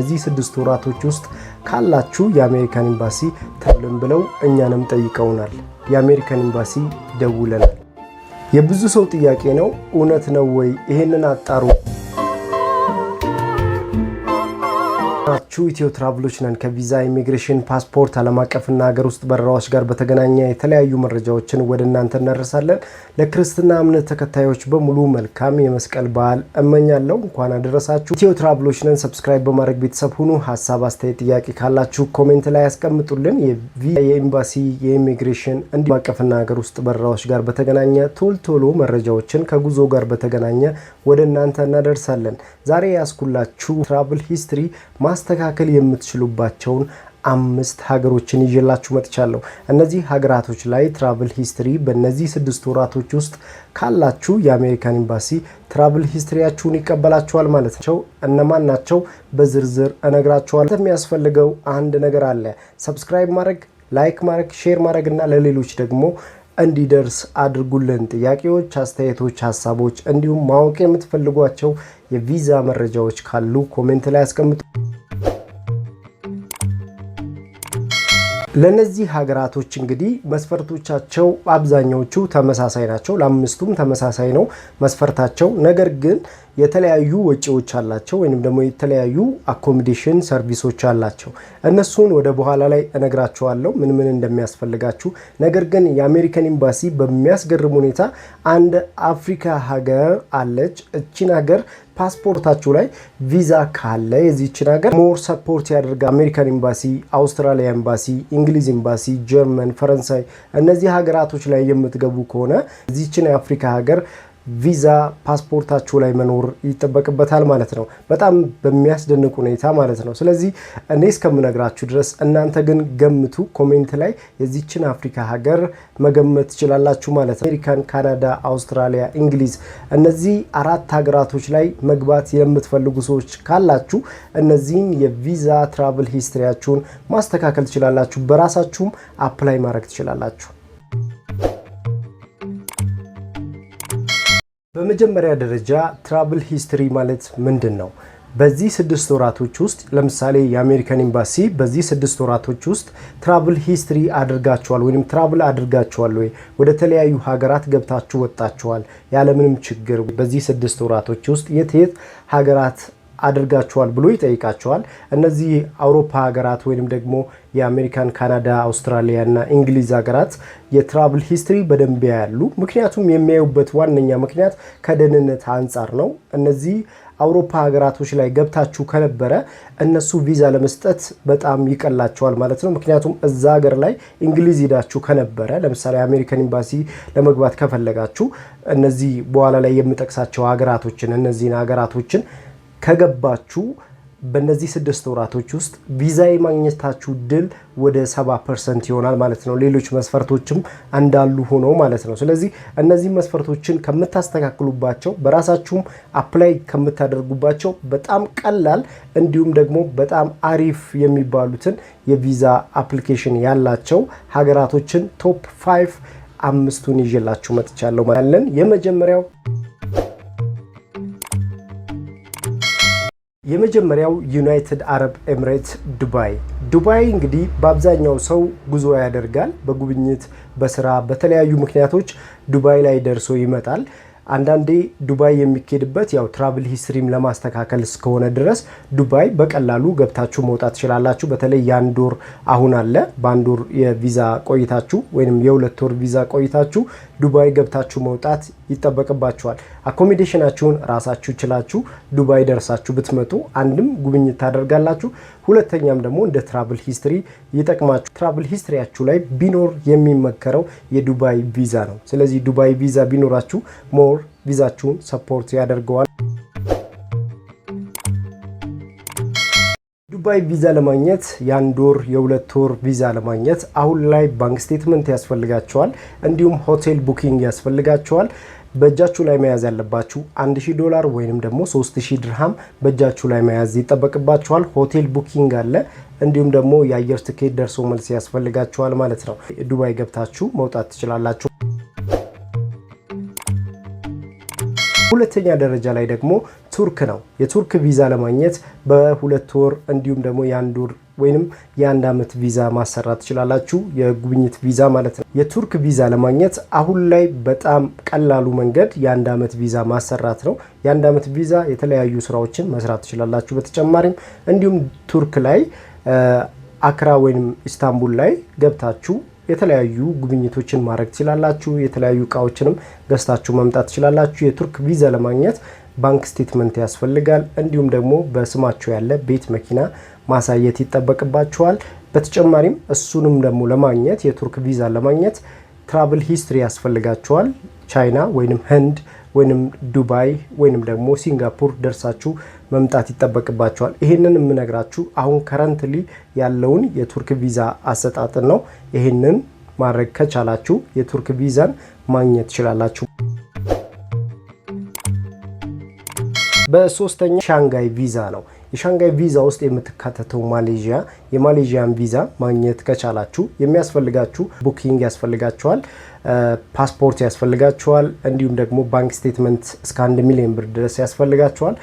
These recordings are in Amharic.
እዚህ ስድስት ወራቶች ውስጥ ካላችሁ የአሜሪካን ኤምባሲ ተብለን ብለው እኛንም ጠይቀውናል። የአሜሪካን ኤምባሲ ደውለናል። የብዙ ሰው ጥያቄ ነው፣ እውነት ነው ወይ? ይሄንን አጣሩ። ናችሁ ኢትዮ ትራቭሎች ነን። ከቪዛ ኢሚግሬሽን፣ ፓስፖርት፣ ዓለም አቀፍና ሀገር ውስጥ በረራዎች ጋር በተገናኘ የተለያዩ መረጃዎችን ወደ እናንተ እናደርሳለን። ለክርስትና እምነት ተከታዮች በሙሉ መልካም የመስቀል በዓል እመኛለሁ። እንኳን አደረሳችሁ። ኢትዮ ትራቭሎች ነን። ሰብስክራይብ በማድረግ ቤተሰብ ሁኑ። ሀሳብ አስተያየት፣ ጥያቄ ካላችሁ ኮሜንት ላይ ያስቀምጡልን። የቪዛ የኤምባሲ የኢሚግሬሽን እንዲሁም አቀፍና ሀገር ውስጥ በረራዎች ጋር በተገናኘ ቶል ቶሎ መረጃዎችን ከጉዞ ጋር በተገናኘ ወደ እናንተ እናደርሳለን። ዛሬ ያስኩላችሁ ትራቭል ሂስትሪ ማስተካከል የምትችሉባቸውን አምስት ሀገሮችን ይዤላችሁ መጥቻለሁ። እነዚህ ሀገራቶች ላይ ትራቭል ሂስትሪ በእነዚህ ስድስት ወራቶች ውስጥ ካላችሁ የአሜሪካን ኤምባሲ ትራቭል ሂስትሪያችሁን ይቀበላችኋል ማለት ነው። እነማን ናቸው በዝርዝር እነግራችኋል። የሚያስፈልገው አንድ ነገር አለ። ሰብስክራይብ ማድረግ፣ ላይክ ማድረግ፣ ሼር ማድረግ እና ለሌሎች ደግሞ እንዲደርስ አድርጉልን። ጥያቄዎች፣ አስተያየቶች፣ ሀሳቦች እንዲሁም ማወቅ የምትፈልጓቸው የቪዛ መረጃዎች ካሉ ኮሜንት ላይ አስቀምጡ። ለእነዚህ ሀገራቶች እንግዲህ መስፈርቶቻቸው አብዛኛዎቹ ተመሳሳይ ናቸው። ለአምስቱም ተመሳሳይ ነው መስፈርታቸው። ነገር ግን የተለያዩ ወጪዎች አላቸው ወይም ደግሞ የተለያዩ አኮሚዴሽን ሰርቪሶች አላቸው። እነሱን ወደ በኋላ ላይ እነግራችኋለሁ ምን ምን እንደሚያስፈልጋችሁ። ነገር ግን የአሜሪካን ኤምባሲ በሚያስገርም ሁኔታ አንድ አፍሪካ ሀገር አለች። እቺን ሀገር ፓስፖርታችሁ ላይ ቪዛ ካለ የዚችን ሀገር ሞር ሰፖርት ያደርጋ አሜሪካን ኤምባሲ፣ አውስትራሊያ ኤምባሲ፣ እንግሊዝ ኤምባሲ፣ ጀርመን፣ ፈረንሳይ እነዚህ ሀገራቶች ላይ የምትገቡ ከሆነ እዚችን የአፍሪካ ሀገር ቪዛ ፓስፖርታቸው ላይ መኖር ይጠበቅበታል ማለት ነው። በጣም በሚያስደንቅ ሁኔታ ማለት ነው። ስለዚህ እኔ እስከምነግራችሁ ድረስ እናንተ ግን ገምቱ። ኮሜንት ላይ የዚችን አፍሪካ ሀገር መገመት ትችላላችሁ ማለት ነው። አሜሪካን፣ ካናዳ፣ አውስትራሊያ፣ እንግሊዝ እነዚህ አራት ሀገራቶች ላይ መግባት የምትፈልጉ ሰዎች ካላችሁ እነዚህን የቪዛ ትራቭል ሂስትሪያችሁን ማስተካከል ትችላላችሁ። በራሳችሁም አፕላይ ማድረግ ትችላላችሁ። በመጀመሪያ ደረጃ ትራቭል ሂስትሪ ማለት ምንድን ነው? በዚህ ስድስት ወራቶች ውስጥ ለምሳሌ የአሜሪካን ኤምባሲ በዚህ ስድስት ወራቶች ውስጥ ትራቭል ሂስትሪ አድርጋችኋል ወይም ትራቭል አድርጋችኋል ወይ ወደ ተለያዩ ሀገራት ገብታችሁ ወጣችኋል ያለምንም ችግር በዚህ ስድስት ወራቶች ውስጥ የት የት ሀገራት አድርጋችኋል ብሎ ይጠይቃቸዋል። እነዚህ አውሮፓ ሀገራት ወይም ደግሞ የአሜሪካን፣ ካናዳ፣ አውስትራሊያ እና እንግሊዝ ሀገራት የትራቭል ሂስትሪ በደንብ ያያሉ። ምክንያቱም የሚያዩበት ዋነኛ ምክንያት ከደህንነት አንጻር ነው። እነዚህ አውሮፓ ሀገራቶች ላይ ገብታችሁ ከነበረ እነሱ ቪዛ ለመስጠት በጣም ይቀላቸዋል ማለት ነው። ምክንያቱም እዛ ሀገር ላይ እንግሊዝ ሄዳችሁ ከነበረ ለምሳሌ አሜሪካን ኤምባሲ ለመግባት ከፈለጋችሁ እነዚህ በኋላ ላይ የምጠቅሳቸው ሀገራቶችን እነዚህን ሀገራቶችን ከገባችሁ በእነዚህ ስድስት ወራቶች ውስጥ ቪዛ የማግኘታችሁ ድል ወደ ሰባ ፐርሰንት ይሆናል ማለት ነው። ሌሎች መስፈርቶችም እንዳሉ ሆኖ ማለት ነው። ስለዚህ እነዚህ መስፈርቶችን ከምታስተካክሉባቸው፣ በራሳችሁም አፕላይ ከምታደርጉባቸው በጣም ቀላል እንዲሁም ደግሞ በጣም አሪፍ የሚባሉትን የቪዛ አፕሊኬሽን ያላቸው ሀገራቶችን ቶፕ ፋይቭ አምስቱን ይዤላችሁ መጥቻለሁ ማለት ነው። የመጀመሪያው የመጀመሪያው ዩናይትድ አረብ ኤምሬት ዱባይ። ዱባይ እንግዲህ በአብዛኛው ሰው ጉዞ ያደርጋል። በጉብኝት፣ በስራ፣ በተለያዩ ምክንያቶች ዱባይ ላይ ደርሶ ይመጣል። አንዳንዴ ዱባይ የሚኬድበት ያው ትራቭል ሂስትሪም ለማስተካከል እስከሆነ ድረስ ዱባይ በቀላሉ ገብታችሁ መውጣት ትችላላችሁ። በተለይ የአንድ ወር አሁን አለ። በአንድ ወር የቪዛ ቆይታችሁ ወይም የሁለት ወር ቪዛ ቆይታችሁ ዱባይ ገብታችሁ መውጣት ይጠበቅባችኋል። አኮሚዴሽናችሁን ራሳችሁ ችላችሁ ዱባይ ደርሳችሁ ብትመጡ አንድም ጉብኝት ታደርጋላችሁ፣ ሁለተኛም ደግሞ እንደ ትራቭል ሂስትሪ ይጠቅማችሁ። ትራቭል ሂስትሪያችሁ ላይ ቢኖር የሚመከረው የዱባይ ቪዛ ነው። ስለዚህ ዱባይ ቪዛ ቢኖራችሁ ሞር ቪዛችሁን ሰፖርት ያደርገዋል። የዱባይ ቪዛ ለማግኘት የአንድ ወር የሁለት ወር ቪዛ ለማግኘት አሁን ላይ ባንክ ስቴትመንት ያስፈልጋቸዋል። እንዲሁም ሆቴል ቡኪንግ ያስፈልጋቸዋል። በእጃችሁ ላይ መያዝ ያለባችሁ 1000 ዶላር ወይንም ደግሞ 3000 ድርሃም በእጃችሁ ላይ መያዝ ይጠበቅባችኋል። ሆቴል ቡኪንግ አለ። እንዲሁም ደግሞ የአየር ትኬት ደርሶ መልስ ያስፈልጋችኋል ማለት ነው። ዱባይ ገብታችሁ መውጣት ትችላላችሁ። ሁለተኛ ደረጃ ላይ ደግሞ ቱርክ ነው። የቱርክ ቪዛ ለማግኘት በሁለት ወር እንዲሁም ደግሞ የአንድ ወር ወይም የአንድ ዓመት ቪዛ ማሰራት ትችላላችሁ። የጉብኝት ቪዛ ማለት ነው። የቱርክ ቪዛ ለማግኘት አሁን ላይ በጣም ቀላሉ መንገድ የአንድ ዓመት ቪዛ ማሰራት ነው። የአንድ ዓመት ቪዛ የተለያዩ ስራዎችን መስራት ትችላላችሁ። በተጨማሪም እንዲሁም ቱርክ ላይ አክራ ወይም ኢስታንቡል ላይ ገብታችሁ የተለያዩ ጉብኝቶችን ማድረግ ትችላላችሁ። የተለያዩ እቃዎችንም ገዝታችሁ መምጣት ትችላላችሁ። የቱርክ ቪዛ ለማግኘት ባንክ ስቴትመንት ያስፈልጋል። እንዲሁም ደግሞ በስማቸው ያለ ቤት፣ መኪና ማሳየት ይጠበቅባችኋል። በተጨማሪም እሱንም ደግሞ ለማግኘት የቱርክ ቪዛ ለማግኘት ትራቭል ሂስትሪ ያስፈልጋችኋል። ቻይና ወይንም ህንድ ወይንም ዱባይ ወይንም ደግሞ ሲንጋፖር ደርሳችሁ መምጣት ይጠበቅባቸዋል ይህንን የምነግራችሁ አሁን ከረንትሊ ያለውን የቱርክ ቪዛ አሰጣጥን ነው። ይህንን ማድረግ ከቻላችሁ የቱርክ ቪዛን ማግኘት ትችላላችሁ። በሶስተኛ ሻንጋይ ቪዛ ነው። የሻንጋይ ቪዛ ውስጥ የምትካተተው ማሌዥያ የማሌዥያን ቪዛ ማግኘት ከቻላችሁ የሚያስፈልጋችሁ ቡኪንግ ያስፈልጋችኋል፣ ፓስፖርት ያስፈልጋችኋል፣ እንዲሁም ደግሞ ባንክ ስቴትመንት እስከ አንድ ሚሊዮን ብር ድረስ ያስፈልጋችኋል።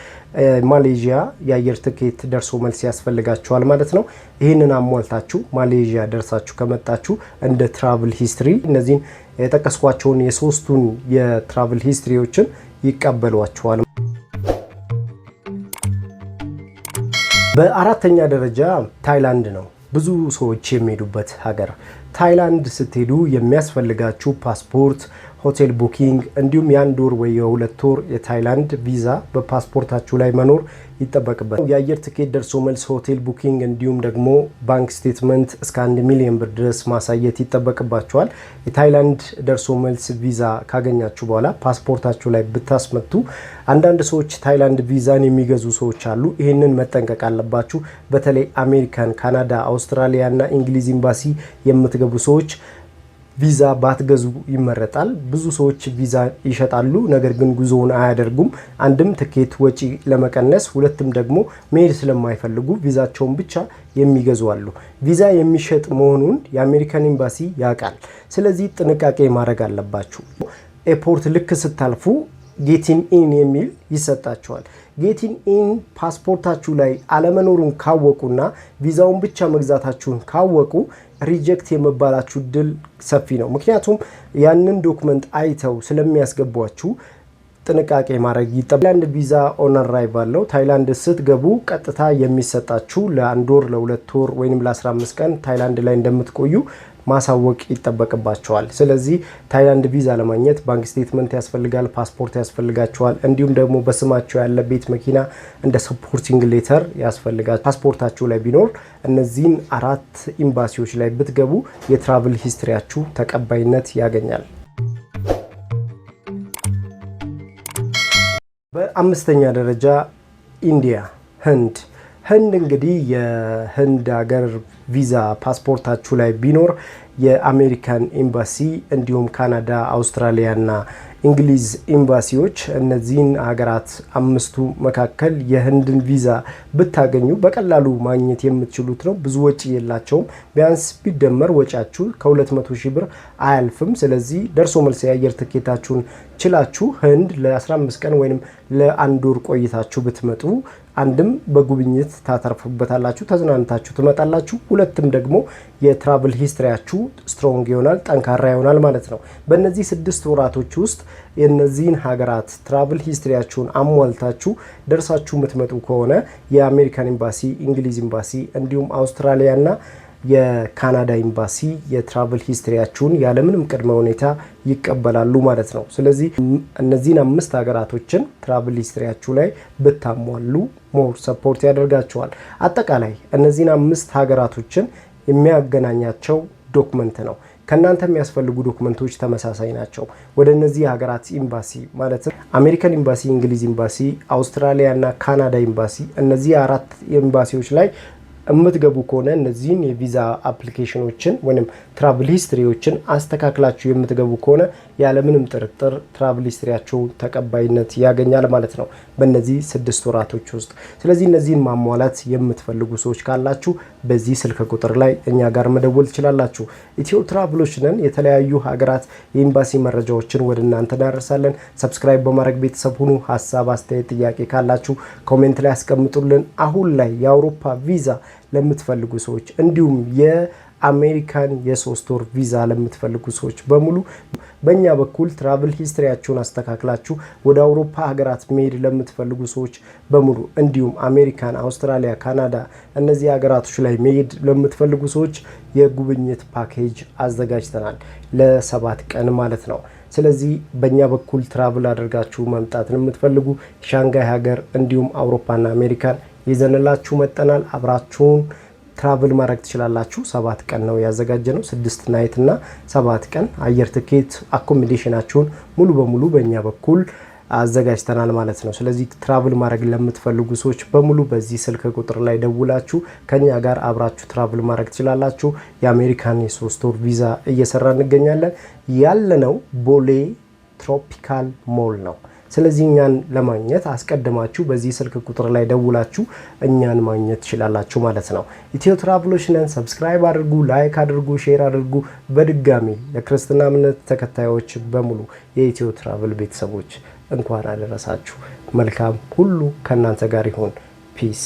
ማሌዥያ የአየር ትኬት ደርሶ መልስ ያስፈልጋችኋል ማለት ነው። ይህንን አሟልታችሁ ማሌዥያ ደርሳችሁ ከመጣችሁ እንደ ትራቭል ሂስትሪ እነዚህን የጠቀስኳቸውን የሶስቱን የትራቭል ሂስትሪዎችን ይቀበሏችኋል። በአራተኛ ደረጃ ታይላንድ ነው ብዙ ሰዎች የሚሄዱበት ሀገር ታይላንድ ስትሄዱ የሚያስፈልጋችሁ ፓስፖርት፣ ሆቴል ቡኪንግ እንዲሁም የአንድ ወር ወይ የሁለት ወር የታይላንድ ቪዛ በፓስፖርታችሁ ላይ መኖር ይጠበቅበት። የአየር ትኬት፣ ደርሶ መልስ፣ ሆቴል ቡኪንግ እንዲሁም ደግሞ ባንክ ስቴትመንት እስከ አንድ ሚሊዮን ብር ድረስ ማሳየት ይጠበቅባቸዋል። የታይላንድ ደርሶ መልስ ቪዛ ካገኛችሁ በኋላ ፓስፖርታችሁ ላይ ብታስመቱ፣ አንዳንድ ሰዎች ታይላንድ ቪዛን የሚገዙ ሰዎች አሉ። ይህንን መጠንቀቅ አለባችሁ። በተለይ አሜሪካን፣ ካናዳ፣ አውስትራሊያ እና እንግሊዝ ኤምባሲ የምትገ የምትገቡ ሰዎች ቪዛ ባትገዙ ይመረጣል። ብዙ ሰዎች ቪዛ ይሸጣሉ፣ ነገር ግን ጉዞውን አያደርጉም። አንድም ትኬት ወጪ ለመቀነስ፣ ሁለትም ደግሞ መሄድ ስለማይፈልጉ ቪዛቸውን ብቻ የሚገዙ አሉ። ቪዛ የሚሸጥ መሆኑን የአሜሪካን ኤምባሲ ያውቃል። ስለዚህ ጥንቃቄ ማድረግ አለባችሁ። ኤርፖርት ልክ ስታልፉ ጌቲን ኢን የሚል ይሰጣቸዋል። ጌቲን ኢን ፓስፖርታችሁ ላይ አለመኖሩን ካወቁና ቪዛውን ብቻ መግዛታችሁን ካወቁ ሪጀክት የመባላችሁ ድል ሰፊ ነው። ምክንያቱም ያንን ዶክመንት አይተው ስለሚያስገቧችሁ ጥንቃቄ ማድረግ ይጠ ታይላንድ ቪዛ ኦን አራይቭ አለው። ታይላንድ ስትገቡ ቀጥታ የሚሰጣችሁ ለአንድ ወር፣ ለሁለት ወር ወይም ለ15 ቀን ታይላንድ ላይ እንደምትቆዩ ማሳወቅ ይጠበቅባቸዋል። ስለዚህ ታይላንድ ቪዛ ለማግኘት ባንክ ስቴትመንት ያስፈልጋል፣ ፓስፖርት ያስፈልጋቸዋል። እንዲሁም ደግሞ በስማቸው ያለ ቤት፣ መኪና እንደ ሰፖርቲንግ ሌተር ያስፈልጋል። ፓስፖርታችሁ ላይ ቢኖር እነዚህን አራት ኤምባሲዎች ላይ ብትገቡ የትራቭል ሂስትሪያችሁ ተቀባይነት ያገኛል። በአምስተኛ ደረጃ ኢንዲያ ህንድ ህንድ እንግዲህ የህንድ ሀገር ቪዛ ፓስፖርታችሁ ላይ ቢኖር የአሜሪካን ኤምባሲ እንዲሁም ካናዳ፣ አውስትራሊያና እንግሊዝ ኤምባሲዎች እነዚህን ሀገራት አምስቱ መካከል የህንድን ቪዛ ብታገኙ በቀላሉ ማግኘት የምትችሉት ነው። ብዙ ወጪ የላቸውም። ቢያንስ ቢደመር ወጪያችሁ ከ200 ሺህ ብር አያልፍም። ስለዚህ ደርሶ መልስ የአየር ትኬታችሁን ችላችሁ ህንድ ለ15 ቀን ወይም ለአንድ ወር ቆይታችሁ ብትመጡ አንድም በጉብኝት ታተርፉበታላችሁ፣ ተዝናንታችሁ ትመጣላችሁ። ሁለትም ደግሞ የትራቭል ሂስትሪያችሁ ስትሮንግ ይሆናል፣ ጠንካራ ይሆናል ማለት ነው። በእነዚህ ስድስት ወራቶች ውስጥ የእነዚህን ሀገራት ትራቭል ሂስትሪያችሁን አሟልታችሁ ደርሳችሁ የምትመጡ ከሆነ የአሜሪካን ኤምባሲ፣ እንግሊዝ ኤምባሲ እንዲሁም አውስትራሊያና የካናዳ ኤምባሲ የትራቭል ሂስትሪያችሁን ያለምንም ቅድመ ሁኔታ ይቀበላሉ ማለት ነው። ስለዚህ እነዚህን አምስት ሀገራቶችን ትራቭል ሂስትሪያችሁ ላይ ብታሟሉ ሞር ሰፖርት ያደርጋቸዋል። አጠቃላይ እነዚህን አምስት ሀገራቶችን የሚያገናኛቸው ዶክመንት ነው። ከእናንተ የሚያስፈልጉ ዶክመንቶች ተመሳሳይ ናቸው። ወደ እነዚህ ሀገራት ኤምባሲ ማለት አሜሪካን ኤምባሲ፣ እንግሊዝ ኤምባሲ፣ አውስትራሊያ እና ካናዳ ኤምባሲ እነዚህ አራት ኤምባሲዎች ላይ የምትገቡ ከሆነ እነዚህን የቪዛ አፕሊኬሽኖችን ወይም ትራቭል ሂስትሪዎችን አስተካክላችሁ የምትገቡ ከሆነ ያለምንም ጥርጥር ትራቭል ሂስትሪያቸው ተቀባይነት ያገኛል ማለት ነው በእነዚህ ስድስት ወራቶች ውስጥ። ስለዚህ እነዚህን ማሟላት የምትፈልጉ ሰዎች ካላችሁ በዚህ ስልክ ቁጥር ላይ እኛ ጋር መደወል ትችላላችሁ። ኢትዮ ትራቭሎች ነን። የተለያዩ ሀገራት የኤምባሲ መረጃዎችን ወደ እናንተ እናደርሳለን። ሰብስክራይብ በማድረግ ቤተሰብ ሁኑ። ሀሳብ፣ አስተያየት፣ ጥያቄ ካላችሁ ኮሜንት ላይ ያስቀምጡልን። አሁን ላይ የአውሮፓ ቪዛ ለምትፈልጉ ሰዎች እንዲሁም የአሜሪካን የሶስት ወር ቪዛ ለምትፈልጉ ሰዎች በሙሉ በእኛ በኩል ትራቭል ሂስትሪያችሁን አስተካክላችሁ ወደ አውሮፓ ሀገራት መሄድ ለምትፈልጉ ሰዎች በሙሉ እንዲሁም አሜሪካን፣ አውስትራሊያ፣ ካናዳ እነዚህ ሀገራቶች ላይ መሄድ ለምትፈልጉ ሰዎች የጉብኝት ፓኬጅ አዘጋጅተናል ለሰባት ቀን ማለት ነው። ስለዚህ በእኛ በኩል ትራቭል አድርጋችሁ መምጣትን የምትፈልጉ ሻንጋይ ሀገር እንዲሁም አውሮፓና አሜሪካን ይዘንላችሁ መጠናል። አብራችሁን ትራቭል ማድረግ ትችላላችሁ። ሰባት ቀን ነው ያዘጋጀ ነው። ስድስት ናይት እና ሰባት ቀን አየር ትኬት፣ አኮሚዴሽናችሁን ሙሉ በሙሉ በእኛ በኩል አዘጋጅተናል ማለት ነው። ስለዚህ ትራቭል ማድረግ ለምትፈልጉ ሰዎች በሙሉ በዚህ ስልክ ቁጥር ላይ ደውላችሁ ከኛ ጋር አብራችሁ ትራቭል ማድረግ ትችላላችሁ። የአሜሪካን የሶስት ወር ቪዛ እየሰራ እንገኛለን። ያለነው ቦሌ ትሮፒካል ሞል ነው። ስለዚህ እኛን ለማግኘት አስቀድማችሁ በዚህ ስልክ ቁጥር ላይ ደውላችሁ እኛን ማግኘት ትችላላችሁ ማለት ነው። ኢትዮ ትራቭሎች ነን። ሰብስክራይብ አድርጉ፣ ላይክ አድርጉ፣ ሼር አድርጉ። በድጋሚ ለክርስትና እምነት ተከታዮች በሙሉ የኢትዮ ትራቭል ቤተሰቦች እንኳን አደረሳችሁ። መልካም ሁሉ ከእናንተ ጋር ይሆን። ፒስ